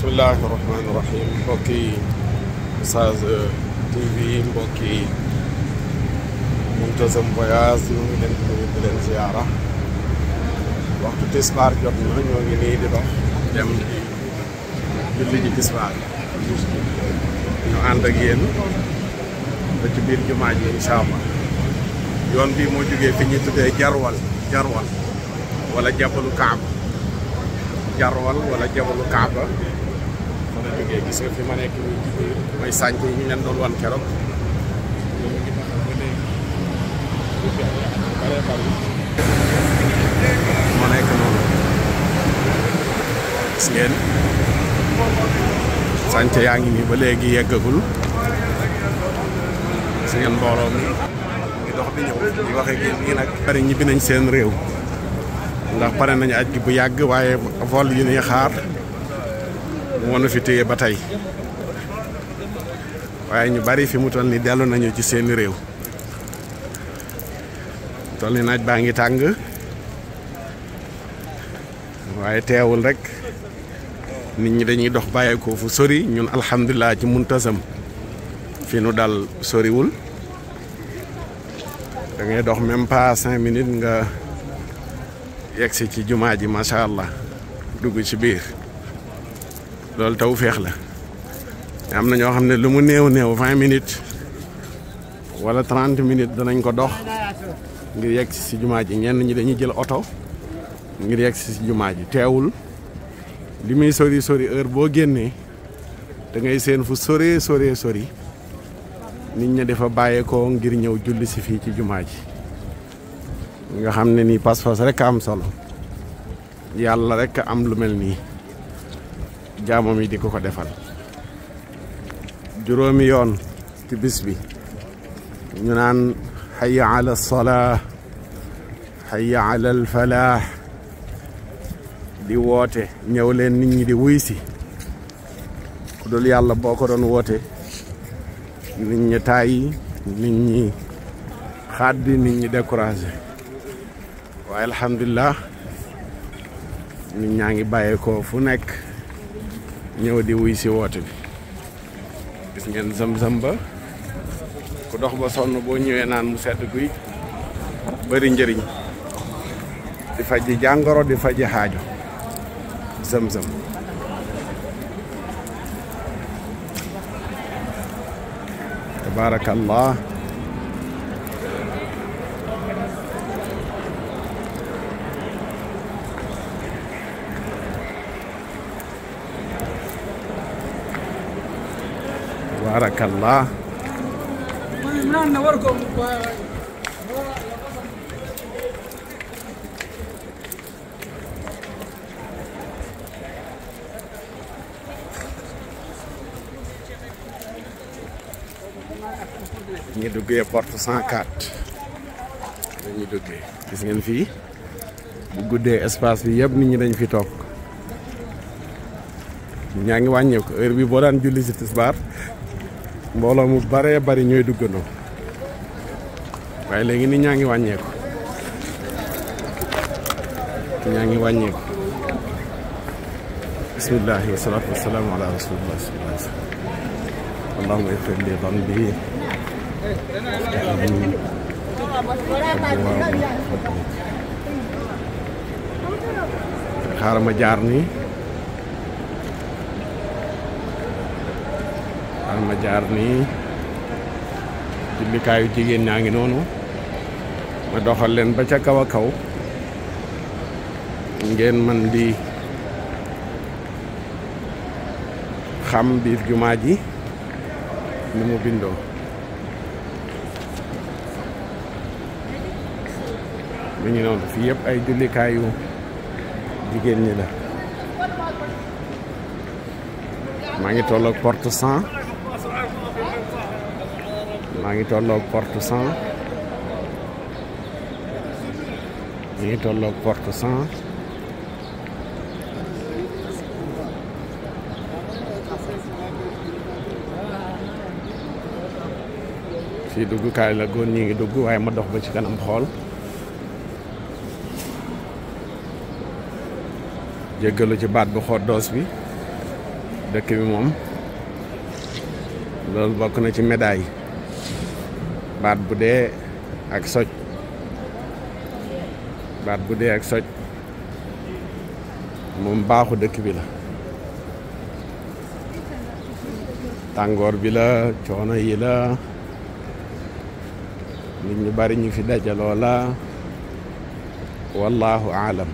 bismillahi rahmaani rahim mbokki Sage euh, TV mbokki Muntazam Voyage ñu ngi leen nuyu di leen ziyaara waxtu tisbaar jot na ñoo ngi nii di dox dem di julli ji tisbaar ñu ànd ak yéen ba ci biir jumaa ji incha allah yoon bii moo jógee fi ñuy tuddee jarwal jarwal wala jabalu kaaba jarwal wala jabalu kaaba mën a jógee gis nga ma nekk leen doon wan keroog loolu ngi noonu gis ngeen yaa ngi nii ba léegi yeggagul gis ngeen mbooloo mi ngi dox di ñëw di waxe gi nii nag bari ñibbi nañ seen réew ndax pare nañu aj bu yàgg waaye vol yi ñuy xaar moo nu fi téye ba tey waaye ñu bari fi mu toll ni dellu nañu ci seeni réew toll ni naaj baa ngi tàng waaye teewul rek nit ñi dañuy dox bàyyeekoo fu sori ñun alhamdulilah ci muntasam fi nu dal soriwul dangay dox même pas cinq minutes nga yegsi ci jumaa ji macha allah dugg ci biir. loolu taw féex la am na ñoo xam ne lu mu néew neew vingt minutes wala trente minutes danañ ko dox ngir yegg si jumaa ji ñenn ñi dañuy jël oto ngir yegg si jumaa ji teewul li muy sori sori heure boo génnee da ngay seen fu sore sore sori nit ña dafa bàyyeekoo ngir ñëw julli si fii ci jumaa ji nga xam ne nii pas-pas rekk am solo yàlla rek am lu mel nii. jaamam yi di ko ko defal juróomi yoon tibis bi ñu naan xaya ala solaa xaya ala alfalaax di woote ñëw leen nit di wuy si ku dul yàlla boo ko doon woote nit ñi tàyyi nit ñi xaddi nit ñi découragé waaye alhamdulilah nit ñaa ngi bàyyeekoo fu nekk ñëw di wuy si woote bi gis ngeen zam-zam ba ku dox ba sonn boo ñëwee naan mu sedd guy bari njëriñ di faj jàngoro di faji xaajo zam-zam tabaarakallah تبارك ngi ñu duggee porte 104 dañuy duggee gis ngeen fii bu guddee espace bi yëpp nit ñi dañ fi toog ñaa ngi wàññeeku heure bi boo daan julli si tisbaar mbooloo mu baree bari ñooy duggandoo waaye léegi nit ñaa ngi wàññeeku ñaa ngi wàññeeku bismillahi wasalaatu wasalaamu ala rasulillah sallallahu alayhi wa sallam allahuma ifir li dambi xaaral ma jaar nii al ma jaar nii jullikaayu jigéen ñaa ngi noonu ma doxal leen ba ca kaw a kaw ngeen man di xam biir jumaa ji ni mu bindoo mi ngi noonu fii yëpp ay jullikaayu jigéen ñi la maa ngi toll ak porte cent maa ngi tollook porte cent maa ngi tolloog porte cent fii duggukaay la góor ñi ngi dugg waaye ma dox ba ci kanam xool jéggalu ci baat bu xoot doos bi dëkk bi moom loolu bokk na ci médaille baat bu dee ak soj baat bu dee ak soj moom baaxu dëkk bi la tàngoor bi la coono yi la nit ñu bari ñu fi dajaloo la wallahu aalam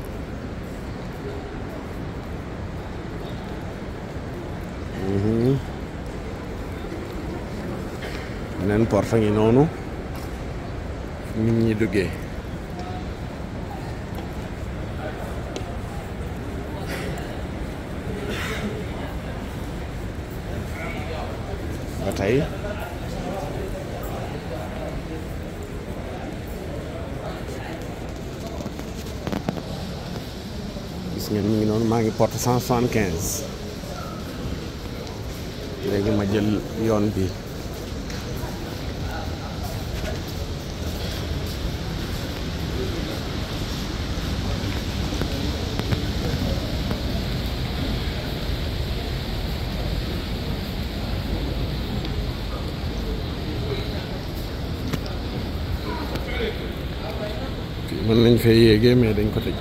mm beneen porte ngi noonu nit ñi duggee ba tey gis ngeen mi ngi noonu maa ngi porte cent quinze léegi ma jël yoon bi mën nañ fay yéegee mais dañ ko tëj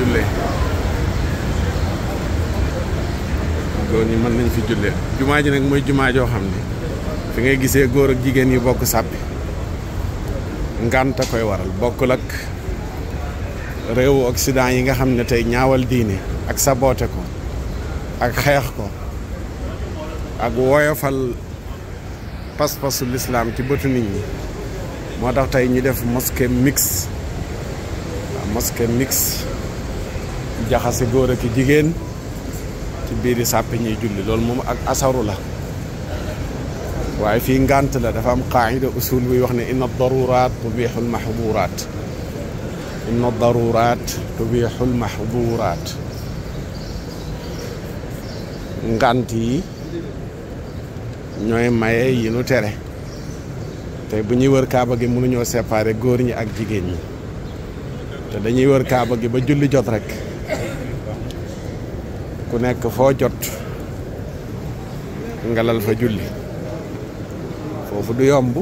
jullee góor mën nañ fi jullee jumaa ji nag mooy jumaa joo xam ne fi ngay gisee góor ak jigéen yi bokk ngànt a koy waral bokkul ak réewu Occident yi nga xam ne tey ñaawal diine ak sa boote ko ak xeex ko ak woyofal pas-pasu lislaam ci bëtu nit ñi moo tax tey ñu def mosquée mixte waaw mosquée jaxase góor ak jigéen ci biiri sàppi ñuy julli loolu moom ak asaru la waaye fii ngànt la dafa am qaayida usul buy wax ne inna daruraat tubiixul maxburaat inna daruraat tubiixul maxburaat ngànt yi ñooy maye yi nu tere te bu ñuy wër kaaba gi mënuñoo séparer góor ñi ak jigéen ñi te dañuy wër kaaba gi ba julli jot rek ku nekk foo jot ngalal fa julli foofu du yomb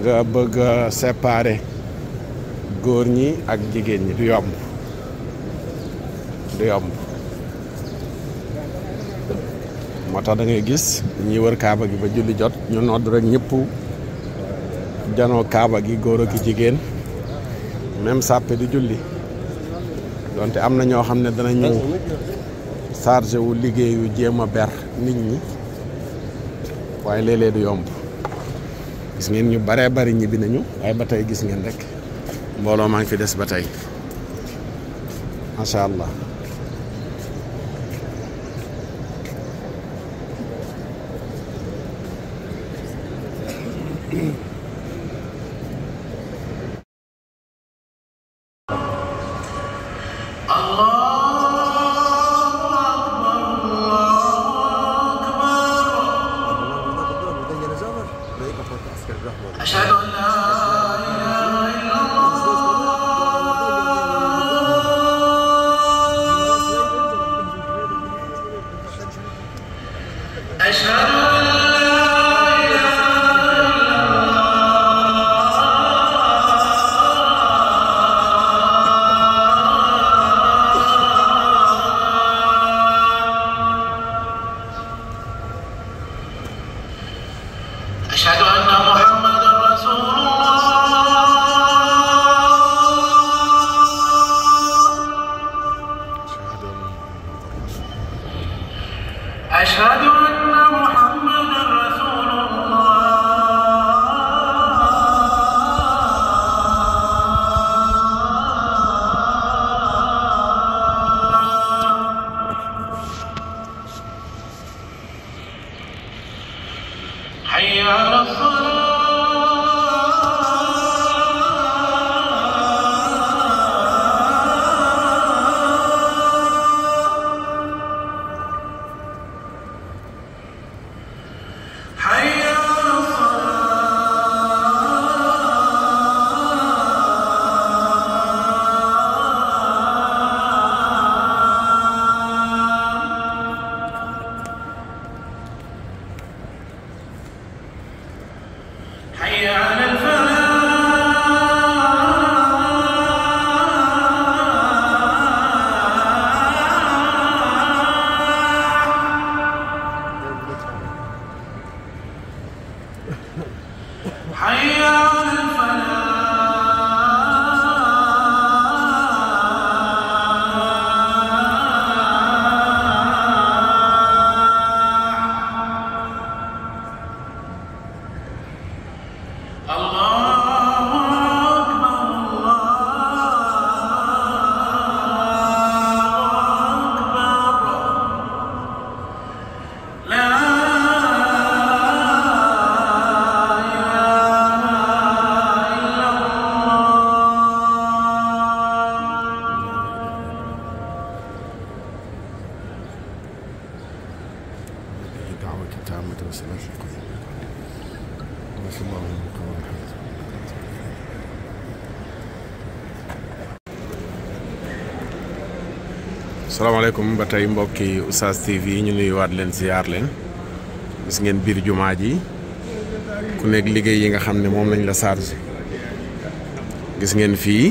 nga bëgg a séparer góor ñi ak jigéen ñi du yomb du yomb moo tax dangay gis ñi wër kaaba gi ba julli jot ñu nodd rek ñëpp janoo kaaba gi góor ak jigéen même sàppe di julli donte am na ñoo xam ne danañu chargé wu liggéeyu jéem a ber nit ñi waaye léeg du yomb gis ngeen ñu baree bari ñibbi nañu waaye ba tey gis ngeen rek mbooloo maa ngi fi des ba tey macha allah. salaamaaleykum ba tey mbokki Oustaz TV ñu nuyuwaat leen ziar leen gis ngeen biir jumaa ji ku nekk liggéey yi nga xam ne moom lañ la chargé gis ngeen fii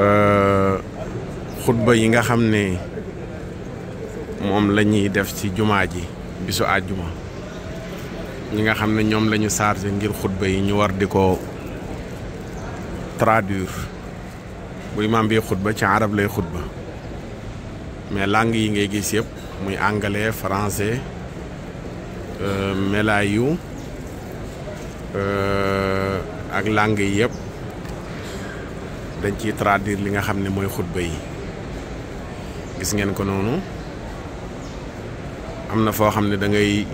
euh, xutba yi nga xam ne moom la ñuy def ci jumaa ji bisu àjjuma ñi nga xam ne ñoom lañu ñu chargé ngir xutba yi ñu war di ko traduire bu imaam bi xutba ci arab lay xutba mais langue yi ngay gis yëpp muy anglais français euh, melayu euh, ak làng yi yëpp dañ ciy traduire li nga xam ne mooy xutba yi gis ngeen ko noonu am na foo xam ne da ngay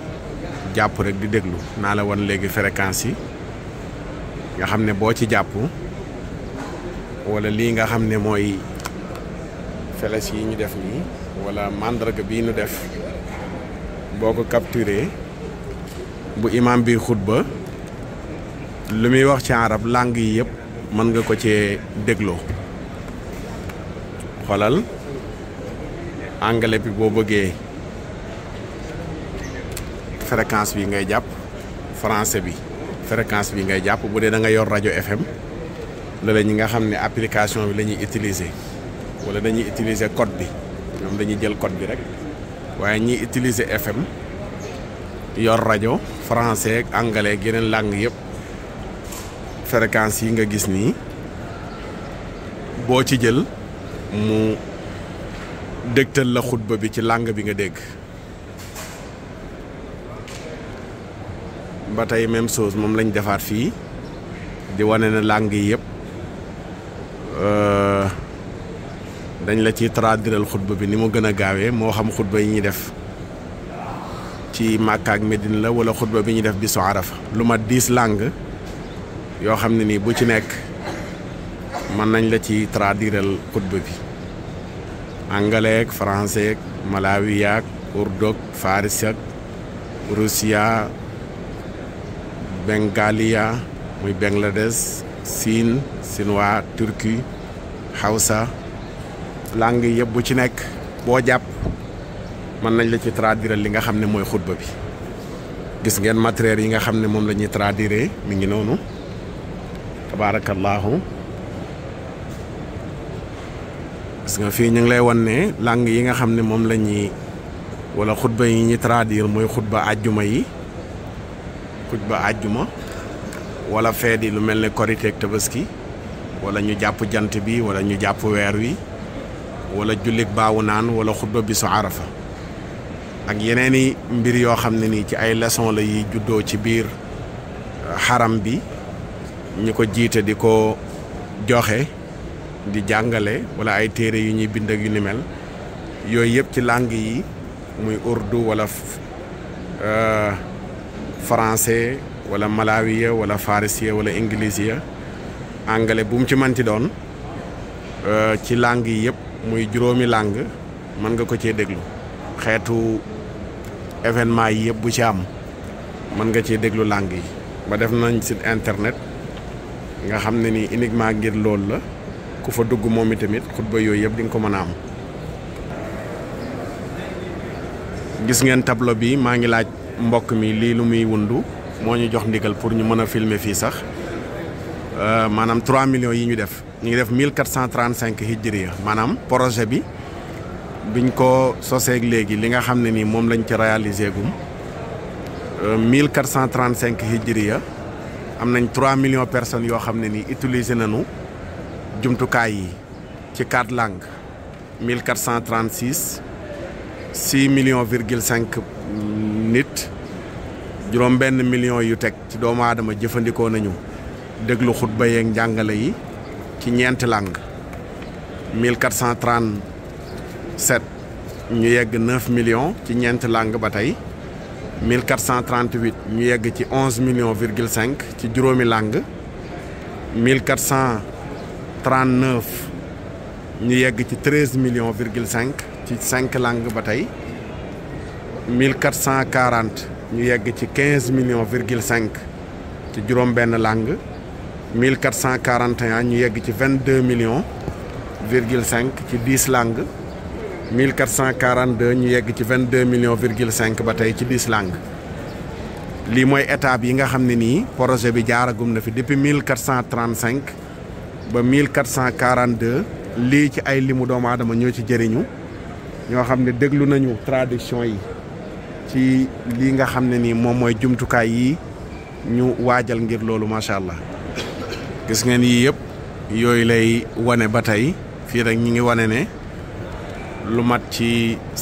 jàpp rek di déglu naa la wan léegi fréquence yi nga xam ne boo ci jàpp wala lii nga xam ne mooy feles yi ñu def nii wala màndarga bii ñu def boo ko capturé bu imam bi xutba lu muy wax ci arab langue yi yëpp mën nga ko cee dégloo xoolal anglais bi boo bëggee fréquence bi ngay jàpp français bi fréquence bi ngay jàpp bu dee da nga yor rajo FM loolee ñi nga xam ne application bi la ñuy utiliser wala dañuy utilise code bi ñoom dañuy jël code bi rek waaye ñiy utilise FM yor rajo français ak anglais ak yeneen langue yëpp fréquence yi nga gis nii boo ci jël mu dégtal la xutba bi ci langue bi nga dégg ba tey même chose moom lañ defaat fii di wane ne langue yi yëpp. Euh, dañ la ci traduiral xutba bi ni mu gën a gaawee moo xam xutba yi ñuy def ci Màkka ak la wala xutba bi ñuy def bisu Arafa lu mat dix langues yoo xam ne nii bu ci nekk mën nañ la ci traduiral xutba bi angaleek français ak malawi ak urdok faris ak russiya bengalia muy Bangladesh siin sinwaa turki hausa langue yëpp bu ci nekk boo jàpp mën nañ la ci traduire li nga xam ne mooy xutba bi gis ngeen matériel yi nga xam ne moom la ñuy traduire mi ngi noonu tabaarakallaahu gis nga fii ñu ngi lay wan ne langue yi nga xam ne moom lañuy walla wala xutba yi ñuy traduire mooy xutba àjjuma yi xutba àjjuma wala feet lu mel ne korite ak walla ñu jàpp jant bi wala ñu jàpp weer wi wala jullit baawu naan wala xutba bi su arafa ak yeneeni mbir yoo xam ne nii ci ay leçon la yi juddoo ci biir euh, xaram bi ñu ko jiite di ko joxe di jàngale wala ay téere yu ñuy bind ak yu ni mel yooyu yëpp ci làng yi muy urdu wala euh, français wala malawiya wala farisiya wala ingilisiya anglais bu mu ci manti doon euh, ci langue yi yëpp muy juróomi làng mën nga ko cee déglu xeetu événement yi yëpp bu ci am mën nga cee déglu langue yi ba def nañ site internet nga xam ne ni uniquement ngir loolu la ku fa dugg moom itamit xutba yooyu yëpp di nga ko mën a am gis ngeen tableau bi maa ngi laaj mbokk mi lii lu muy wundu moo ñu jox ndigal pour ñu mën a filmer fii sax euh, maanaam 3 millions yi ñu def ñu ngi def 1435 hijriya maanaam projet bi biñ ko soseek léegi li nga xam ne nii moom lañu ci réalisé gum 1435 euh, hijriya am nañ 3 millions personnes yoo xam ne nii utiliser nañu jumtukaay yi ci quatre langues 1436 6 millions virgule 5 nit. juróom benn million yu teg ci doomu aadama jëfandikoo nañu déglu xutba yeeg njàngale yi ci ñeenti langue 1437 ñu yegg 9 millions ci ñeenti langue ba tey 1438 ñu yegg ci 11 million virgule cinq ci juróomi langue 1439 ñu yegg ci 13 millions virgule 5 ci cinq langue ba tey 1440 ñu yegg ci quinze millions virgule cinq ci juróom-benn langue mille quatre cent quarante et ñu yegg ci vingt deux millions virgule cinq ci dix mille quatre cent quarante deux ñu yegg ci vingt deux millions virgule cinq ba tey ci dix langues lii mooy étape yi nga xam ne nii projet bi jaaragum na fi depuis mille quatre cent trente cinq ba mille quatre cent quarante deux lii ci ay limu doomu aadama ñoo ci jëriñu ñoo xam ne déglu nañu traduction yi. ci lii nga xam ne nii moom mooy jumtukaay yi ñu waajal ngir loolu macha allah gis ngeen yii yëpp yooyu lay wane ba tey fii rek ñi ngi wane ne lu mat ci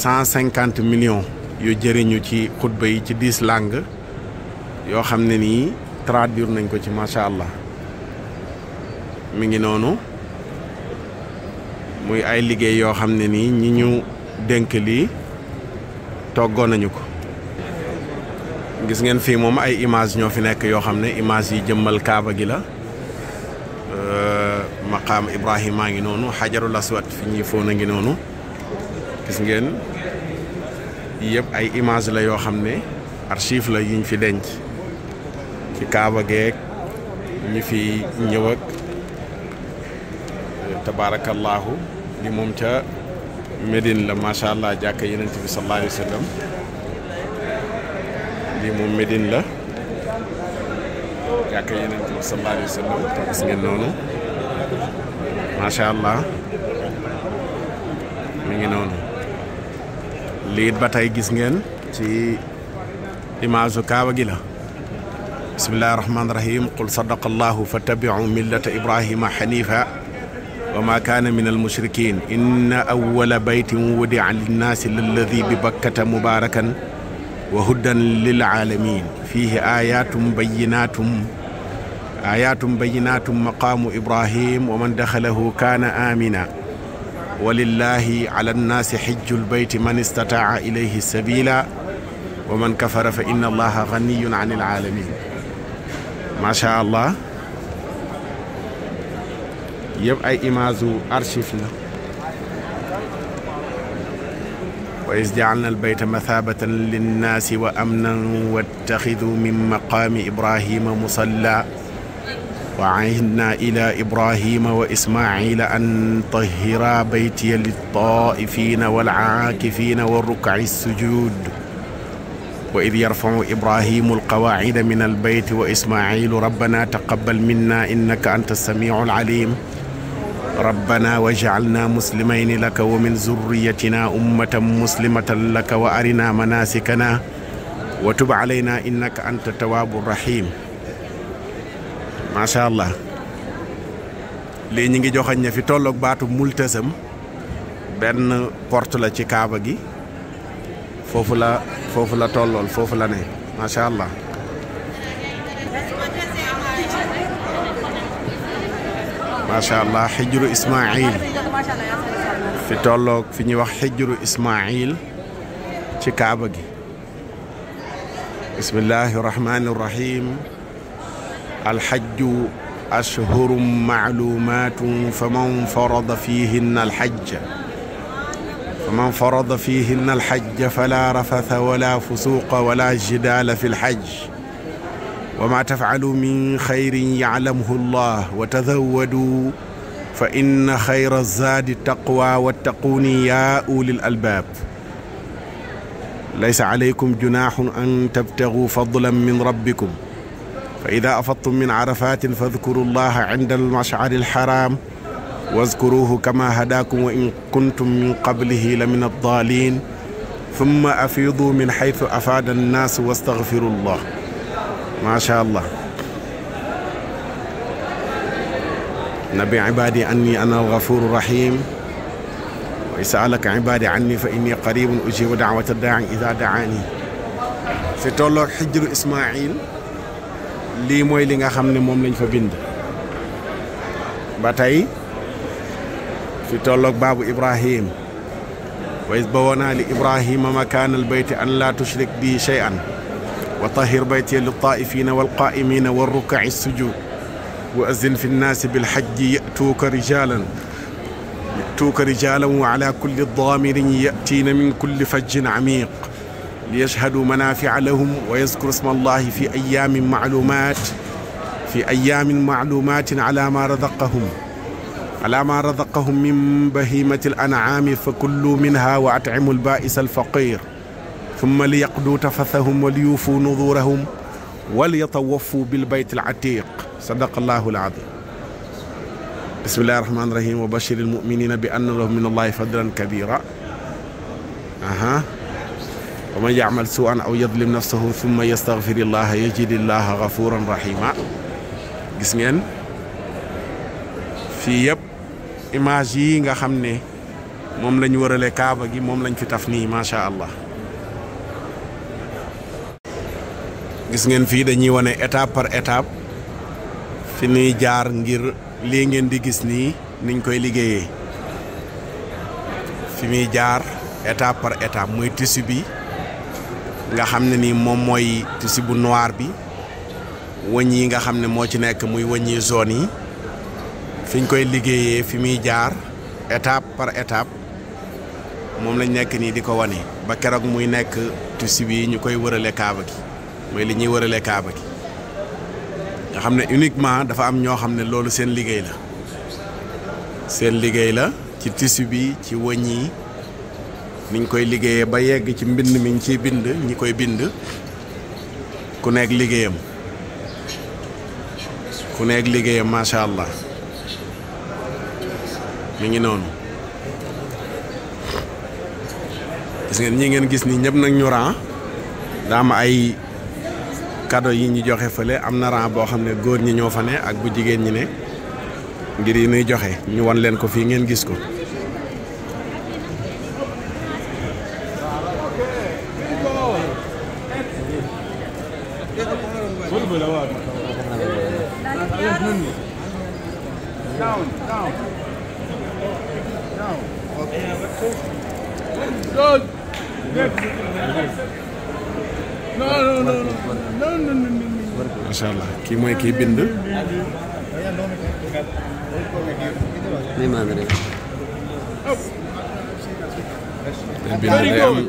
cent cinquante millions yu jëriñu ci xutba yi ci dix làng yoo xam ne nii traduire nañ ko ci macha allah mi ngi noonu muy ay liggéey yoo xam ne nii ñi ñu dénk lii toggoon nañu ko gis ngeen fii moom ay image ñoo fi nekk yoo xam ne image yi jëmmal kaaba gi la euh, maqaam Ibrahima a ngi noonu xajarul aswad fi ñuy foon a ngi noonu gis ngeen yëpp ay image la yoo xam ne archive la yuñ fi denc ci kaaba geeg ñi fi ñëw ak euh, tabaarakallaahu li moom ca Médine la macha allah jàkka Yonent bi sallallahu alayhi lii moom Médine la jàkka yeneen bi sallallahu alayhi wa sallam gis ngeen noonu macha allah mi ngi noonu lii ba tey gis ngeen ci image u kaaba gi la bismillahi rahmaani rahim qul sadaqa allahu fa tabiu millata ibrahima xanifa wa ma kaana min almushrikin inna awala baytin wudia linnaasi lalladi bi bakkata mubarakan wa huddan lil aalamin fiihi ayatum bayinatum ayatum bayinatum maqaamu ibrahim wa man daxalahu kaana aamina wa lillahi ala annaasi xijjul bayti man istataa ilayhi sabila wa man kafara fa inna allaha ganiyun an il aalamin macha allah yëpp ay image u archive la wa is jaalna albayta mathabatan linnaasi wa amnan wattaxidu min maqaami ibrahima musalla wa ahidna ila ibrahima wa ismaila an tahira baytiya littaifina walaakifina wa rukci sujud wa id yarfacu ibrahimu alqawaacida min albayti wa ismailu rabbana taqabal minna innaka anta samicu alalim rabbana waj'alna muslimayni laka wa min zurriyatina ummatan muslimatan laka wa arina manasikana wa tub alayna innaka anta tawaabu rahim macha allah lii ñi ngi joxañ ne fi tolloog baatu multasam benn porte la ci kaaba gi foofu la foofu la tollool foofu la ne macha allah macha allah xijru Ismaayil fi tolloog fi ñuy wax xijru Ismaayil ci kaaba gi bismillahi irrahmani irrahim alxajju ashhurum maalumatum fa man farada fihinna alxajja fa man farada fihinna alxajja fala rafatha wala fusuqa wala jidala fi lxajj wa maa tafaalu min xayrin yaalamhu llah wa tazawadu fa inna xayra zaadi taqwa wattaquuni yaa ulil albaab laysa alaykum junaaxun an tabtagu fadlan min rabbikum fa ida afadtum min arafatin fadkuru llaha inda almashari alxaram wazkuruhu kama hadaakum wa in kuntum min qablihi la min addaalin thumma afiidu min xaytu afaada annaas wastaghfiru llah macha allah nabi ibaadi anni ana algafuru rahim wa isaalaka ibaadi anni fa inni qaribun ujibu daawata daai ida daani fi tolloog xijru ismail lii mooy li nga xam ne moom lañ fa bind ba tey fi tolloog baabu ibrahim wa is bawanaa li ibrahima makaana albayti an laa tushrik bi shay'an وطهر بيتي للطائفين والقائمين والركع السجود وأذن في الناس بالحج يأتوك رجالا يأتوك رجالا وعلى كل ضامر يأتين من كل فج عميق ليشهدوا منافع لهم ويذكروا اسم الله في أيام معلومات في أيام معلومات على ما رزقهم على ما رزقهم من بهيمة الأنعام فكلوا منها وأطعموا البائس الفقير summa li yaqdu tafathahum wa li yuufu nudurahum wa li yatawafu bil bayt al atiq sadaqallahu al azim bismillahi rahmaani rahim wa bashir al muminina bi anna lahum min allahi fadlan kabira aha wa man yacmal suan aw yadlim nafsahu summa yastagfir illaha yajid illaha gafuran rahima gis ngeen fii yëpp image yi nga xam ne moom lañ wërale kaaba gi moom lañ fi taf nii macha allah gis ngeen fii dañuy wane étape par étape fi ñuy jaar ngir lii ngeen di gis nii niñ koy liggéeyee fi muy jaar étape par étape muy tissu bi nga xam ne nii moom mooy tissu bu noir bi wëñ yi nga xam ne moo ci nekk muy wëñ yi zone yi fiñ koy liggéeyee fi muy jaar étape par étape moom lañ nekk nii di ko wane ba keroog muy nekk tissu bi ñu koy wërale kaaba gi mooy li ñuy wëralee kaaba gi xam ne uniquement dafa am ñoo xam ne loolu seen liggéey la seen liggéey la ci tissu bi ci wëñ yi niñ koy liggéeyee ba yegg ci mbind mi ñu ciy bind ñi koy bind ku nekk liggéeyam ku nekk liggéeyam macha allah mi ngi noonu gis ngeen ñi ngeen gis ni ñëpp nag ñu daa am ay cadeau yi ñu joxe fële am na rang boo xam ne góor ñi ñoo fa ne ak bu jigéen ñi ne ngir yi nuy joxe ñu won leen ko fii ngeen gis ko macha allah kii mooy kii bind. bind day am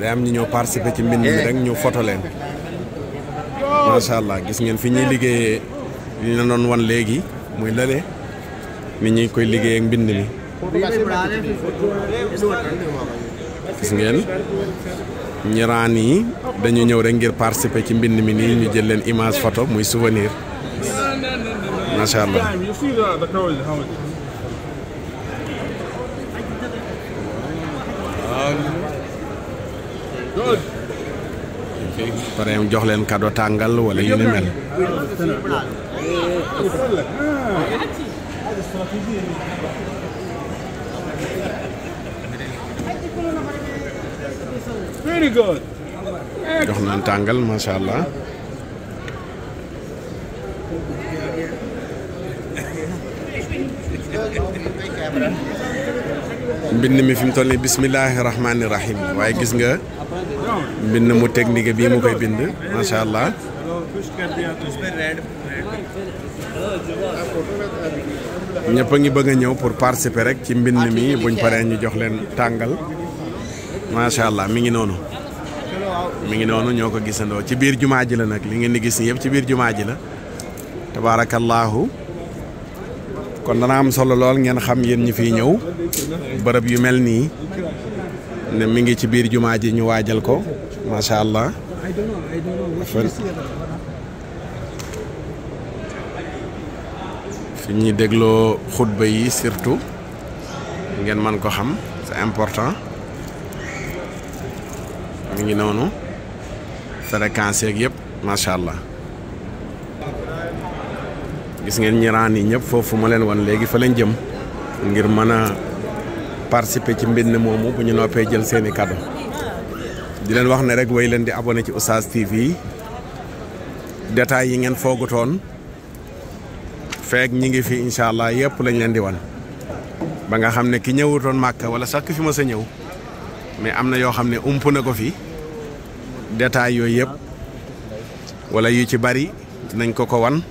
day am ñi ñoo participé ci mbind mi rek ñu foto leen macha allah gis ngeen fi ñuy liggéeyee li ñu la doon wan léegi muy lële ni ñuy koy liggéeyee mbind mi gis ngeen ñu yi dañu ñëw rek ngir participer ci mbind mi nii ñu jël leen image photo muy suvenir macha allah. jox leen cadeau tàngal wala yu ni mel. jox nañ tàngal macha allah. mbind mi fi mu toll nii bismillaahi rahmaani rahim waaye gis nga mbind mu technique bii mu koy bind macha allah. ñëpp a ngi bëgg a ñëw pour participer rek ci mbind mi buñ paree ñu jox leen tàngal macha allah mi ngi noonu. mu ngi noonu ñoo ko gisandoo ci biir jumaa ji la nag li ngeen di gis ni yëpp ci biir jumaa ji la tabaarakallaahu kon dana am solo lool ngeen xam yéen ñi fiy ñëw bërëb yu mel nii ne mi ngi ci biir jumaa ji ñu waajal ko macha allah fi ñuy dégloo xutba yi surtout ngeen man ko xam c'est important mi ngi noonu fréquence yeeg yëpp macha allah gis ngeen ñeraan yi ñëpp foofu ma leen wan léegi fa lañ jëm ngir mën a participer ci mbind moomu bu ñu noppee jël seeni cadeau di leen wax ne rek way leen di abonné ci Oustaz TV détails yi ngeen foogutoon feek ñi ngi fi incha allah yëpp lañ leen di wan ba nga xam ne ki ñëwutoon màkk wala sax ki fi mës a ñëw mais am na yoo xam ne ump na ko fi détails yooyu yëpp walla yu ci bari nañ ko ko wan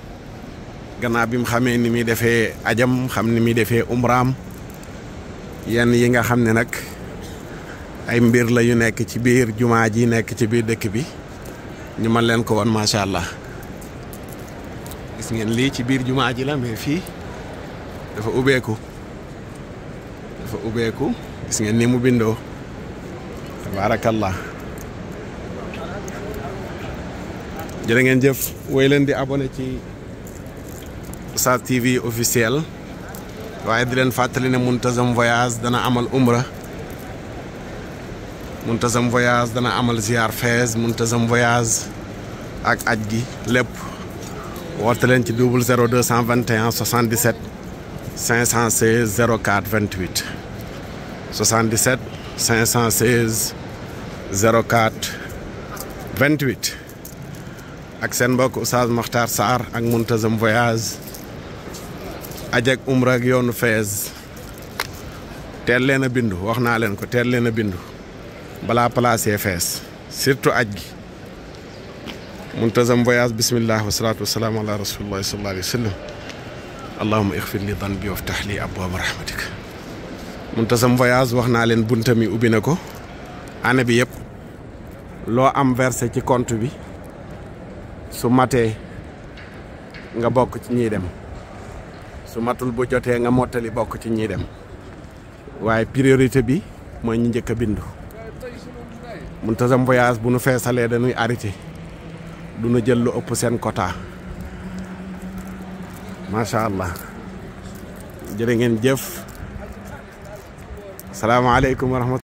gannaaw bi mu xamee ni muy defee ajam xam ni muy defee umraam yenn yi nga xam ne nag ay mbir la yu nekk ci biir jumaa ji nekk ci biir dëkk bi ñu mën leen ko wan macha allah gis ngeen lii ci biir jumaa ji la mais fii dafa ubbeeku dafa ubbeeku gis ngeen ni mu bindoo baarakallah jërë ngeen jëf woy leen di abone ci Sa TV officiel waaye di leen fàttali ne Muntazam voyage dana amal umra Muntazam voyage dana amal ziar Fès Muntazam voyage ak aj gi lépp woote leen ci double 0 221 77 516 04 28 77 516 04 28 ak seen mbokk Oustaz Makhtar Sarr ak Muntazam Voyage ajak umra ak yoonu Fès teel leen a bindu wax naa leen ko teel leen a bindu balaa placé Fès surtout aj gi Muntazam Voyage bismillah wasalaatu wasalaamu ala rasulillahi sallallahu alayhi wa sallam allahuma ixfir li danbi waftax li abwaaba rahmatika Muntazam Voyage wax naa leen buntam yi ubbi na ko année bi yëpp loo am versé ci compte bi su matee nga bokk ci ñiy dem su matul bu jotee nga mottali bokk ci ñii dem waaye priorité bi mooy ñu njëkk a bindu Muntazam voyage bu nu feesalee dañuy arrêté du nu jël lu ëpp seen quota macha allah jërë ngeen jëf salaamaaleykum wa rahmatulah